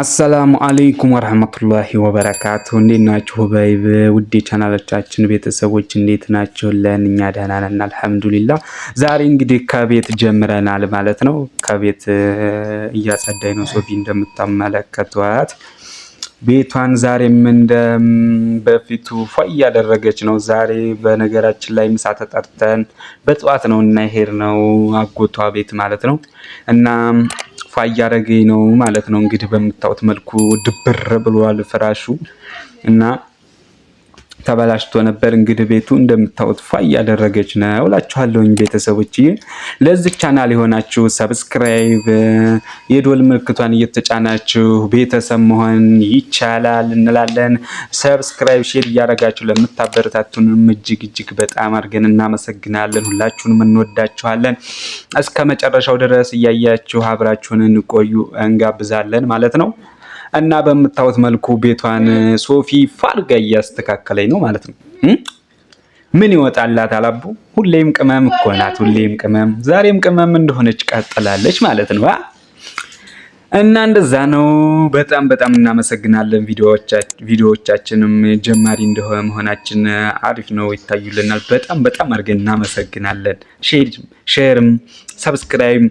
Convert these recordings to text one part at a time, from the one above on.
አሰላሙ አለይኩም ወረህመቱላሂ ወበረካቱ። እንዴት ናችሁ? በይብ ውድ ቻናሎቻችን ቤተሰቦች እንዴት ናችሁ? ለእኛ ደህና ነን አልሐምዱሊላ። ዛሬ እንግዲህ ከቤት ጀምረናል ማለት ነው። ከቤት እያጸዳኝ ነው ሶፊ እንደምታመለከቷት ቤቷን ዛሬም እንደ በፊቱ ፏይ እያደረገች ነው። ዛሬ በነገራችን ላይ ምሳ ተጠርተን በጠዋት ነው እና ይሄድ ነው አጎቷ ቤት ማለት ነው እና እያደረገኝ ነው ማለት ነው። እንግዲህ በምታዩት መልኩ ድብር ብሏል ፍራሹ እና ተበላሽቶ ነበር። እንግዲህ ቤቱ እንደምታዩት ፋ እያደረገች ነው እላችኋለሁኝ ቤተሰቦች። ለዚህ ቻናል የሆናችሁ ሰብስክራይብ፣ የዶል ምልክቷን እየተጫናችሁ ቤተሰብ መሆን ይቻላል እንላለን። ሰብስክራይብ፣ ሼር እያደረጋችሁ ለምታበረታቱንም እጅግ እጅግ በጣም አድርገን እናመሰግናለን። ሁላችሁንም እንወዳችኋለን። እስከ መጨረሻው ድረስ እያያችሁ አብራችሁን እንቆዩ እንጋብዛለን ማለት ነው። እና በምታዩት መልኩ ቤቷን ሶፊ ፋርጋ እያስተካከለኝ ነው ማለት ነው። ምን ይወጣላት አላቡ ሁሌም ቅመም እኮ ናት። ሁሌም ቅመም፣ ዛሬም ቅመም እንደሆነች ቀጥላለች ማለት ነው። እና እንደዛ ነው። በጣም በጣም እናመሰግናለን። ቪዲዮዎቻችንም ጀማሪ እንደሆነ መሆናችን አሪፍ ነው ይታዩልናል። በጣም በጣም አድርገን እናመሰግናለን። ሼርም ሰብስክራይብ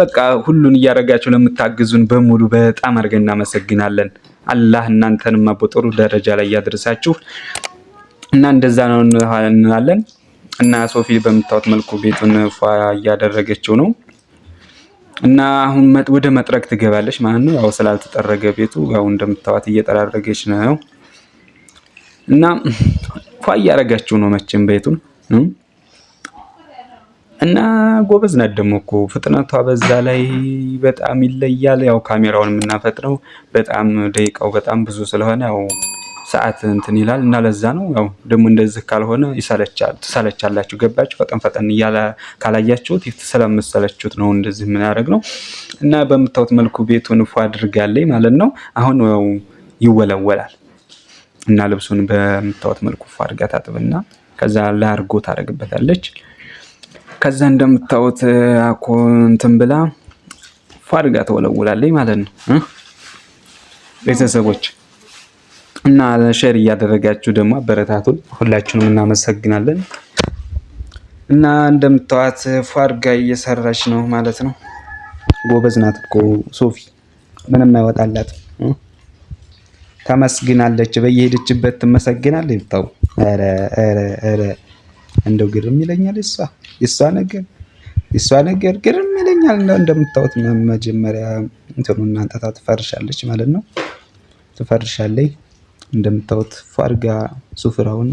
በቃ ሁሉን እያደረጋቸው ለምታግዙን በሙሉ በጣም አድርገን እናመሰግናለን። አላህ እናንተንም በጥሩ ደረጃ ላይ እያደረሳችሁ እና እንደዛ ነው እንላለን። እና ሶፊ በምታወት መልኩ ቤቱን ፏ እያደረገችው ነው እና አሁን ወደ መጥረግ ትገባለች ማለት ነው። ያው ስላልተጠረገ ቤቱ ያው እንደምታዋት እየጠራረገች ነው እና ፏ እያደረጋችሁ ነው መቼም ቤቱን እና ጎበዝ ናት ደግሞ እኮ ፍጥነቷ በዛ ላይ በጣም ይለያል። ያው ካሜራውን የምናፈጥነው በጣም ደቂቃው በጣም ብዙ ስለሆነ ያው ሰዓት እንትን ይላል እና ለዛ ነው ያው ደግሞ እንደዚህ ካልሆነ ይሰለቻል፣ ትሰለቻላችሁ። ገባችሁ? ፈጠን ፈጠን እያለ ካላያችሁት ስለምሰለችሁት ነው እንደዚህ የምናደርግ ነው እና በምታዩት መልኩ ቤቱን ፏ አድርጋለኝ ማለት ነው። አሁን ያው ይወለወላል እና ልብሱን በምታዩት መልኩ ፏ አድርጋ ታጥብና ከዛ ላርጎ ታደርግበታለች። ከዛ እንደምታዩት እኮ እንትን ብላ ፋድጋ ተወለውላለች ማለት ነው። ቤተሰቦች እና ሼር እያደረጋችሁ ደግሞ አበረታቱን። ሁላችሁንም እናመሰግናለን። እና እንደምታዋት ፏድጋ እየሰራች ነው ማለት ነው። ጎበዝ ናት እኮ ሶፊ፣ ምንም አይወጣላት። ተመስግናለች፣ በየሄደችበት ትመሰግናለች። ብታው ኧረ ኧረ ኧረ እንደው ግርም ይለኛል። እሷ እሷ ነገር እሷ ነገር ግርም ይለኛል። እንደው እንደምታዩት መጀመሪያ እንትኑን እናንተ ትፈርሻለች ማለት ነው። ትፈርሻለች እንደምታዩት ፏርጋ ሱፍራውን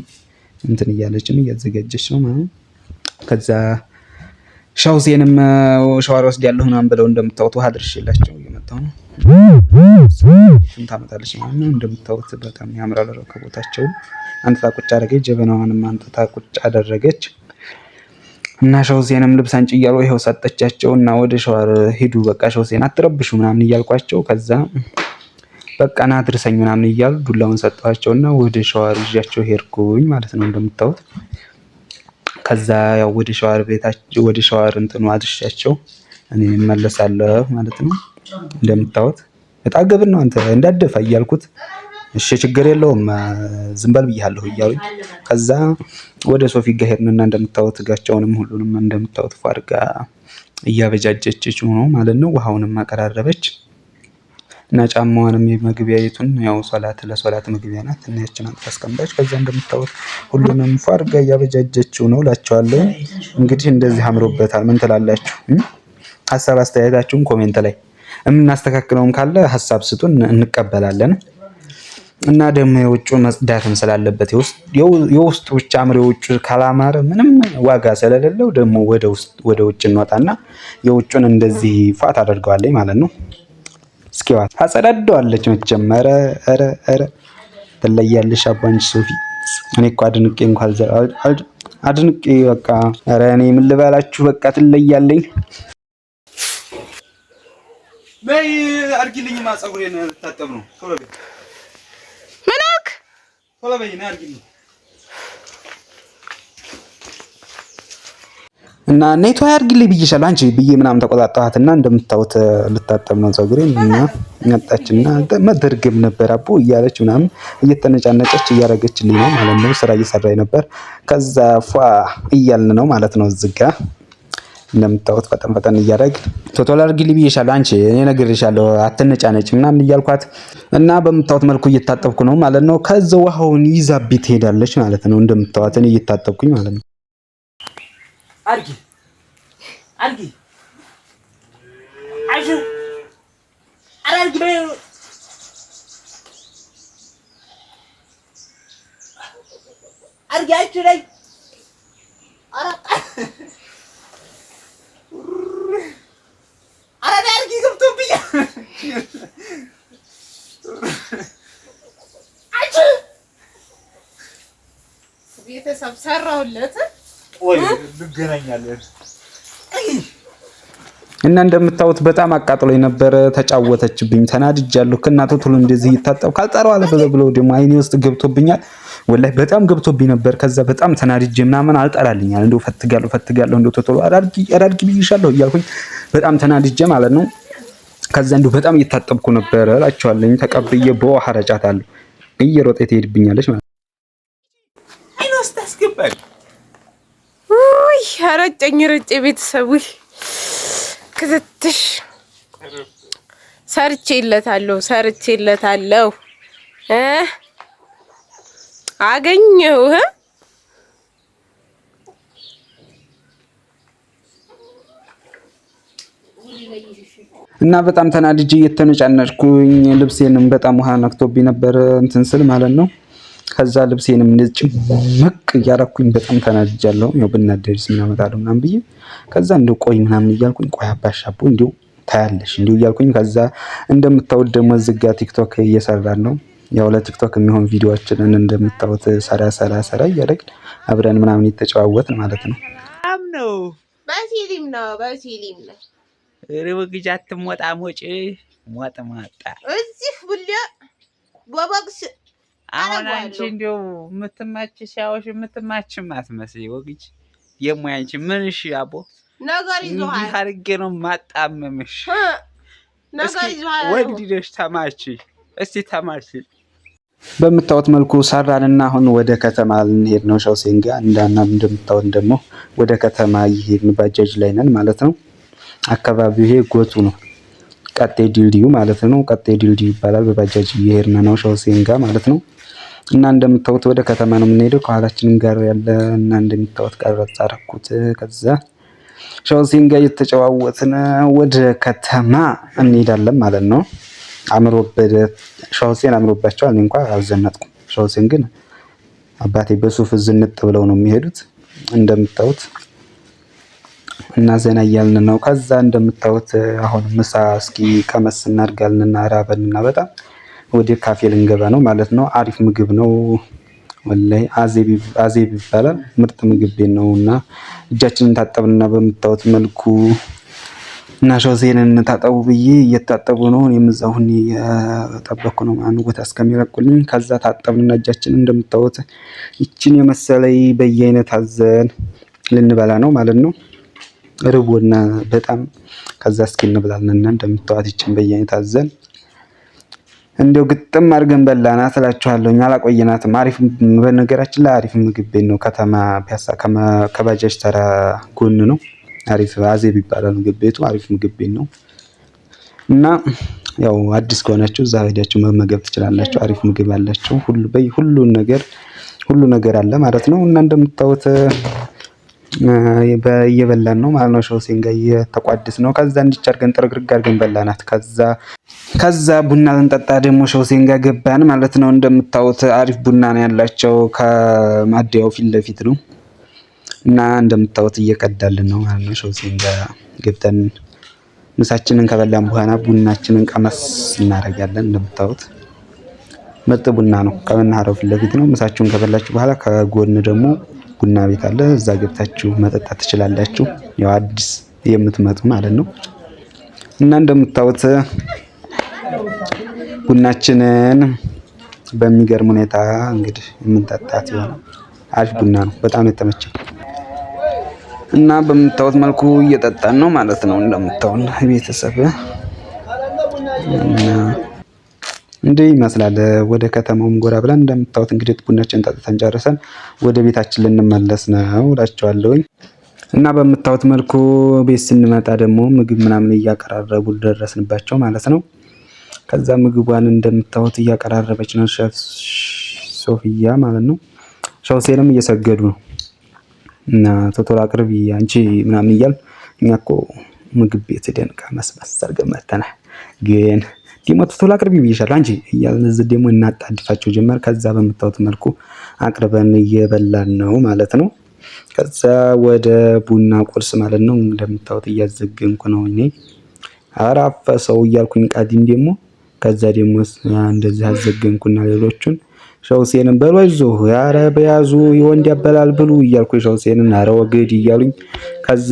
እንትን እያለች ነው እያዘጋጀች ነው ማለት ከዛ ሻውሴንም ሻወር ወስድ ያለሁን ብለው እንደምታዩት ውሃ ድርሽላቸው እየመጣሁ ነው። ታመጣለች ማለት ነው። እንደምታዩት በጣም ያምራል ረከቦታቸውም። አንጥታ ቁጭ አደረገች፣ ጀበናዋንም አንጥታ ቁጭ አደረገች እና ሸውሴንም ልብስ አንጭ እያሉ ይኸው ሰጠቻቸው እና ወደ ሸዋር ሂዱ በቃ ሸውሴን አትረብሹ ምናምን እያልኳቸው ከዛ በቃ ና አድርሰኝ ምናምን እያሉ ዱላውን ሰጠኋቸው እና ወደ ሸዋር ይዣቸው ሄድኩኝ ማለት ነው እንደምታዩት። ከዛ ያው ወደ ሸዋር ቤታቸው ወደ ሸዋር እንትኑ አድርሻቸው እኔ እመለሳለሁ ማለት ነው እንደምታዩት ተጣገብን ነው አንተ እንዳደፈ እያልኩት እሺ ችግር የለውም ዝም በል ብያለሁ እያሉኝ ከዛ ወደ ሶፊ ጋ ሄድንና እንደምታወት ጋቸውንም ሁሉንም እንደምታወት ፏርጋ እያበጃጀች ሆኖ ማለት ነው። ውሃውንም አቀራረበች እና ጫማዋንም የመግቢያ የቱን ያው ሶላት ለሶላት መግቢያ ናት እና ያችን አንጥፋ አስቀምጣች። ከዛ እንደምታወት ሁሉንም ፏርጋ እያበጃጀችው ነው ላቸዋለሁ። እንግዲህ እንደዚህ አምሮበታል። ምን ትላላችሁ? ሀሳብ አስተያየታችሁን ኮሜንት ላይ የምናስተካክለውም ካለ ሀሳብ ስጡን፣ እንቀበላለን። እና ደግሞ የውጭ መጽዳትም ስላለበት የውስጡ ብቻ አምር የውጭ ካላማረ ምንም ዋጋ ስለሌለው ደግሞ ወደ ውጭ እንወጣና የውጩን እንደዚህ ፏት አደርገዋለኝ ማለት ነው። እስኪዋት አጸዳደዋለች መቼም። ኧረ ኧረ ኧረ ትለያለሽ አባንች ሶፊ። እኔ እኮ አድንቄ እንኳ አድንቄ በቃ ኧረ እኔ ምን ልበላችሁ በቃ ትለያለኝ። በይ አድርጊልኝማ፣ ፀጉሬን ልታጠብ ነው። ቶሎ በይ ምን አልክ? ቶሎ በይ ነይ አድርጊልኝ። እና ኔቶ ያድርግልኝ ብዬሻለሁ አንቺ ብዬ ምናምን ተቆጣጣኋት። እና እንደምታዩት ልታጠብ ነው ፀጉሬን እና መጣችና መደርግም ነበር አቦ እያለች ምናምን እየተነጫነጨች እያደረገችልኝ ነው ማለት ነው። ስራ እየሰራኝ ነበር። ከዛ ፏ እያልን ነው ማለት ነው እዚህ እንደምታወት ፈጠን ፈጠን እያደረግ ቶቶል አድርጊልኝ ብዬሻለሁ። አንቺ እኔ ነግሬሻለሁ አትነጫነጭ ምናምን እያልኳት እና በምታወት መልኩ እየታጠብኩ ነው ማለት ነው። ከዚ ውሃውን ይዛብኝ ትሄዳለች ማለት ነው። እንደምታወት እኔ እየታጠብኩኝ ማለት ነው። አድርጊ አድርጊ አድርጊ ቤተሰብ ሰራሁለት። ወይ እንገናኛለን። እና እንደምታዩት በጣም አቃጥሎኝ ነበረ። ተጫወተችብኝ፣ ተናድጃለሁ። ከእናቱ ቶሎ እንደዚህ እየታጠብኩ ካልጠራው አለ ብሎ ደግሞ አይኔ ውስጥ ገብቶብኛል። ወላሂ በጣም ገብቶብኝ ነበር። ከዛ በጣም ተናድጄ ምናምን አልጠራልኛል። እንደው ፈትጋለሁ፣ ፈትጋለሁ፣ እንደው ቶሎ አዳርጊ አዳርጊ ብዬሻለሁ እያልኩኝ በጣም ተናድጄ ማለት ነው ከዛ እንዲሁ በጣም እየታጠብኩ ነበረ እላቸዋለሁ። ተቀብዬ በውሃ ሀረጫት እየሮጠ ትሄድብኛለች ማለት ውይ አረጨኝ ረጭ ቤተሰቡ ክትትሽ ሰርቼለታለሁ ሰርቼለታለሁ አገኘሁህ እና በጣም ተናድጅ እየተነጫነጭኩኝ ልብሴንም በጣም ውሃ ነክቶብኝ ነበር እንትን ስል ማለት ነው። ከዛ ልብሴንም እንደዚህ ምቅ እያረኩኝ በጣም ተናድጃለሁ። ያው ብናደድስ ምን አመጣለሁ ምናምን ብዬ ከዛ እንዲ ቆይ ምናምን እያልኩኝ ቆይ አባሻቦ እንዲሁ ታያለሽ እንዲሁ እያልኩኝ ከዛ እንደምታወድ ደግሞ ዝጋ ቲክቶክ እየሰራን ነው። ያው ለቲክቶክ የሚሆን ቪዲዮችንን እንደምታዩት ሰራ ሰራ ሰራ እያደረግን አብረን ምናምን የተጨዋወትን ማለት ነው። በሲሊም ነው በሲሊም ነው ርብግጃ አትሞጣ ሞጭ ሞጥ ሞጣ እዚህ ሁሌ በበቅስ አሁን አንቺ እንዲያው የምትማች ሲያወሽ የምትማችም አትመስይ። ወግጅ የሙያ አንቺ ምን አቦ ነገር ይዞሃል። እንዲህ አድርጌ ነው ማጣመምሽ። ነገር ይዞሃል። ወግዲሽ ተማች፣ እስቲ ተማች። በምታዩት መልኩ ሰራንና አሁን ወደ ከተማ ልንሄድ ነው። ሸውሴን እንዳና እንደምታዩት ደግሞ ወደ ከተማ እየሄድን ባጃጅ ላይ ነን ማለት ነው። አካባቢው ይሄ ጎቱ ነው። ቀጤ ድልድዩ ማለት ነው። ቀጤ ድልድዩ ይባላል። በባጃጅ እየሄድን ነው ሸውሴን ጋር ማለት ነው። እና እንደምታዩት ወደ ከተማ ነው የምንሄደው። ከኋላችንም ጋር ያለ እና እንደምታዩት ቀረጽ አደረኩት። ከዛ ሸውሴን ጋር እየተጨዋወትን ወደ ከተማ እንሄዳለን ማለት ነው። አምሮበት ሸውሴን አምሮባቸዋል። እኔ እንኳ አልዘነጥኩም። ሸውሴን ግን አባቴ በሱፍ ዝንጥ ብለው ነው የሚሄዱት እንደምታዩት እና ዘና እያልን ነው። ከዛ እንደምታዩት አሁን ምሳ እስኪ ቀመስ እናድርጋልንና ራበንና በጣም ወደ ካፌ ልንገባ ነው ማለት ነው። አሪፍ ምግብ ነው ወላይ አዜብ ይባላል። ምርጥ ምግብ ቤት ነው እና እጃችንን ታጠብንና በምታዩት መልኩ እና ሾሴን እንታጠቡ ብዬ እየታጠቡ ነው። እኔም እዛው ነው ማለት ቦታ እስከሚረቁልኝ። ከዛ ታጠብንና እጃችን እንደምታዩት ይችን የመሰለይ በየአይነት አዘን ልንበላ ነው ማለት ነው። ርቦና በጣም ከዛ እስኪ እንብላልና እንደምታዋት ይችን በየአይነ ታዘን እንዲያው ግጥም አድርገን በላናት እላችኋለሁ። አላቆየናትም። አሪፍ በነገራችን ላይ አሪፍ ምግብ ቤት ነው። ከተማ ፒያሳ ከባጃጅ ተራ ጎን ነው። አሪፍ አዜብ ይባላል ምግብ ቤቱ። አሪፍ ምግብ ቤት ነው እና ያው አዲስ ከሆናችሁ እዛ ሄዳችሁ መመገብ ትችላላችሁ። አሪፍ ምግብ አላቸው። ሁሉ በይ ሁሉ ነገር ሁሉ ነገር አለ ማለት ነው እና እንደምታዩት እየበላን ነው ማለት ነው። ሾው ሲንጋ እየተቋደስ ነው። ከዛ እንዲች አድርገን ጥርግርግ አድርገን በላናት። ከዛ ከዛ ቡና ልንጠጣ ደግሞ ሾው ሲንጋ ገባን ማለት ነው። እንደምታዩት አሪፍ ቡና ነው ያላቸው። ከማደያው ፊት ለፊት ነው እና እንደምታዩት እየቀዳልን ነው ማለት ነው። ሾው ሲንጋ ገብተን ምሳችንን ከበላን በኋላ ቡናችንን ቀመስ እናደርጋለን። እንደምታዩት ምርጥ ቡና ነው። ከመናኸሪያው ፊት ለፊት ነው። ምሳችሁን ከበላችሁ በኋላ ከጎን ደግሞ ቡና ቤት አለ። እዛ ገብታችሁ መጠጣት ትችላላችሁ። ያው አዲስ የምትመጡ ማለት ነው እና እንደምታዩት ቡናችንን በሚገርም ሁኔታ እንግዲህ የምንጠጣት የሆነ አሪፍ ቡና ነው። በጣም የተመቸው እና በምታዩት መልኩ እየጠጣን ነው ማለት ነው። እንደምታዩን ቤተሰብ እና እንዲህ ይመስላል። ወደ ከተማውም ጎራ ብለን እንደምታዩት እንግዲህ ቡናችን ጠጥተን ጨርሰን ወደ ቤታችን ልንመለስ ነው እላቸዋለሁኝ። እና በምታዩት መልኩ ቤት ስንመጣ ደግሞ ምግብ ምናምን እያቀራረቡ ደረስንባቸው ማለት ነው። ከዛ ምግቧን እንደምታዩት እያቀራረበች ነው ሸፍ ሶፊያ ማለት ነው። ሸውሴንም እየሰገዱ ነው እና ቶቶላ አቅርቢ አንቺ ምናምን እያል እኛ እኮ ምግብ ቤት ደንቃ መስመስ ገመተና ግን ዲሞቱ ቶሎ አቅርቢ ብዬሻለሁ አንቺ እያልን እዚህ ደግሞ እናጣድፋቸው ጀመር። ከዛ በምታዩት መልኩ አቅርበን እየበላን ነው ማለት ነው። ከዛ ወደ ቡና ቁርስ ማለት ነው። እንደምታዩት እያዘገንኩ ነው እኔ አራፈ ሰው እያልኩኝ ቃዲም ደግሞ ከዛ ደግሞ እንደዚህ አዘገንኩና ሌሎቹን ሸውሴንን በሎዞ ያረ በያዙ የወንድ ያበላል ብሉ እያልኩ ሸውሴንን አረ ወግድ እያሉኝ ከዛ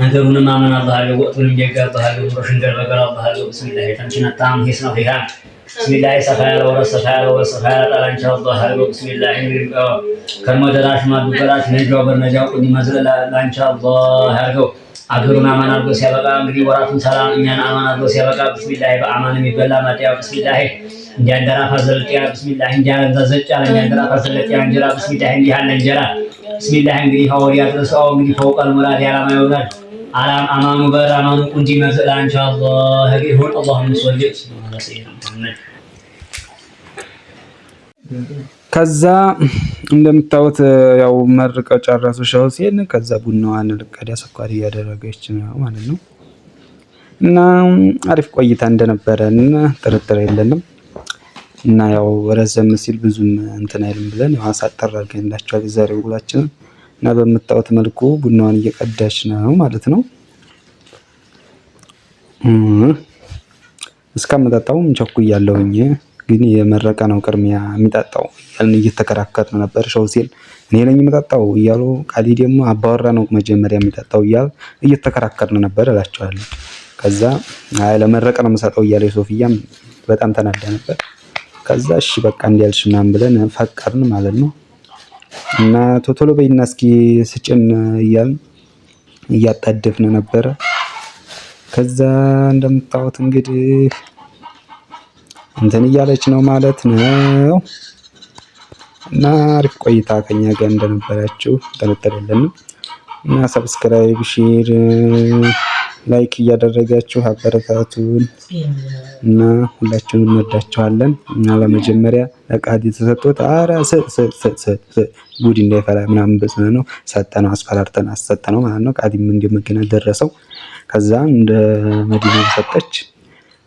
ነገሩንም አመን አላሃለሁ ወቅቱንም የጋባሃለሁ ኑሮሽን ገረገራባሃለሁ። ብስሚላ ተምችና ሂስ ነው ሂሃ ብስሚላ ሰፋ ወረ ሰፋ ወረ ሰፋ ያለ አባሃለሁ ብስሚላ ከመደራሽ ማዱበራሽ ነጃው በነጃው ቁኝ መዝለ ላንቻ አባሃለሁ አገሩን አማን አድርጎ ሲያበቃ እንግዲህ ወራቱን ሰላም እኛን አማን አድርጎ ሲያበቃ ብስሚላ በአማን የሚበላ ማጥያ ብስሚላ እንዲያንደራፋ ዘለጥያ ብስሚላ እንዲያንዛ እንዲያንደራፋ ዘለጥያ እንጀራ ብስሚላ እንዲህ አለ እንጀራ ብስሚላህ እንግዲህ ሀወድ ያድርሰው እንግዲህ ፈውቃል ሙራድ የዓላማ ይወጋል አላም አማኑ በር አማኑ ቁንጂ መዝላ እንሻ አላህ ይሁን አላሁም ሰልል ከዛ እንደምታዩት ያው መርቀ ጨረሱ ሸው ሲሄድ ከዛ ቡናዋን ልቀዳ ስኳር እያደረገች ነው ማለት ነው። እና አሪፍ ቆይታ እንደነበረን ጥርጥር የለንም። እና ያው ረዘም ሲል ብዙም እንትን አይልም ብለን ያው አሳጠር አድርገንላችኋል የዛሬው ውሏችንን እና በምታዩት መልኩ ቡናዋን እየቀዳች ነው ማለት ነው። እስከምጠጣውም ቸኩያለሁኝ፣ ግን የመረቀ ነው ቅድሚያ የሚጠጣው እያልን እየተከራከርን ነበር። ሸው ሲል እኔ ነኝ የምጠጣው እያሉ ቃሊ ደግሞ አባወራ ነው መጀመሪያ የሚጠጣው እያል እየተከራከርን ነበር እላቸዋለሁ። ከዛ ለመረቀ ነው የምሰጠው እያለ ሶፊያም በጣም ተናዳ ነበር። ከዛ እሺ በቃ እንዲያልሽ ምናምን ብለን ፈቀርን ማለት ነው። እና ቶቶሎ በይና እስኪ ስጭን እያልን እያጣደፍን ነበረ። ከዛ እንደምታዩት እንግዲህ እንትን እያለች ነው ማለት ነው። እና አሪፍ ቆይታ ከኛ ጋር እንደነበራችሁ ጠረጠር እና ሰብስክራይብ ሼር ላይክ እያደረጋችሁ አበረታቱን እና ሁላችሁም እንወዳችኋለን። እና ለመጀመሪያ ፈቃድ የተሰጡት አረ ጉድ እንዳይፈላ ምናምን በስነ ነው ሰጠነው፣ አስፈራርተን አሰጠነው ማለት ነው። ቃዲም እንደመገና ደረሰው። ከዛ እንደ መዲና ሰጠች።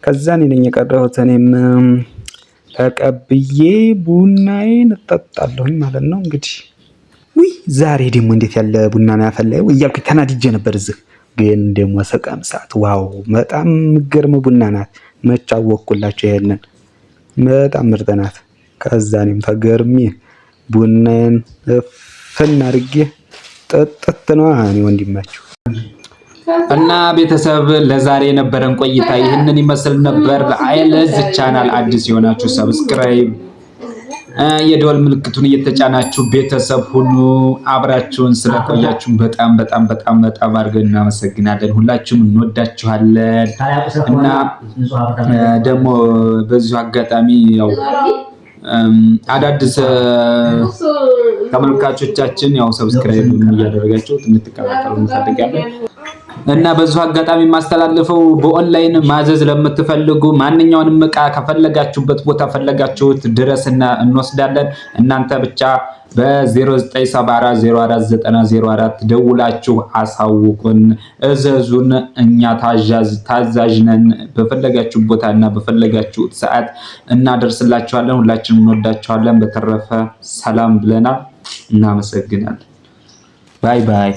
ከዛ እኔ ነኝ የቀረሁት። እኔም ተቀብዬ ቡናዬን እጠጣለሁኝ ማለት ነው። እንግዲህ ውይ ዛሬ ደግሞ እንዴት ያለ ቡና ነው ያፈላየው እያልኩ ተናድጄ ነበር እዚህ ግን ደግሞ ስቀምሳት ዋው በጣም ምገርም ቡና ናት። መጫወቅኩላቸው ይሄንን በጣም ምርጥ ናት። ከዛ እኔም ተገርሜ ቡናዬን እፍን አድርጌ ጥጥት ነው እኔ ወንድማችሁ እና ቤተሰብ ለዛሬ የነበረን ቆይታ ይህንን ይመስል ነበር። ለአይለዝ ቻናል አዲስ የሆናችሁ ሰብስክራይብ የደወል ምልክቱን እየተጫናችሁ ቤተሰብ ሁሉ አብራችሁን ስለቆያችሁን በጣም በጣም በጣም በጣም አድርገን እናመሰግናለን። ሁላችሁም እንወዳችኋለን እና ደግሞ በዚሁ አጋጣሚ ያው አዳዲስ ተመልካቾቻችን ያው ሰብስክራይብ እያደረጋችሁት እንድትቀላቀሉ እንፈልጋለን። እና በዚሁ አጋጣሚ የማስተላልፈው በኦንላይን ማዘዝ ለምትፈልጉ ማንኛውንም እቃ ከፈለጋችሁበት ቦታ ፈለጋችሁት ድረስ እንወስዳለን። እናንተ ብቻ በ0974049004 ደውላችሁ አሳውቁን፣ እዘዙን። እኛ ታዛዥ ነን። በፈለጋችሁ ቦታ እና በፈለጋችሁት ሰዓት እናደርስላችኋለን። ሁላችንም እንወዳችኋለን። በተረፈ ሰላም ብለናል። እናመሰግናለን። ባይ ባይ።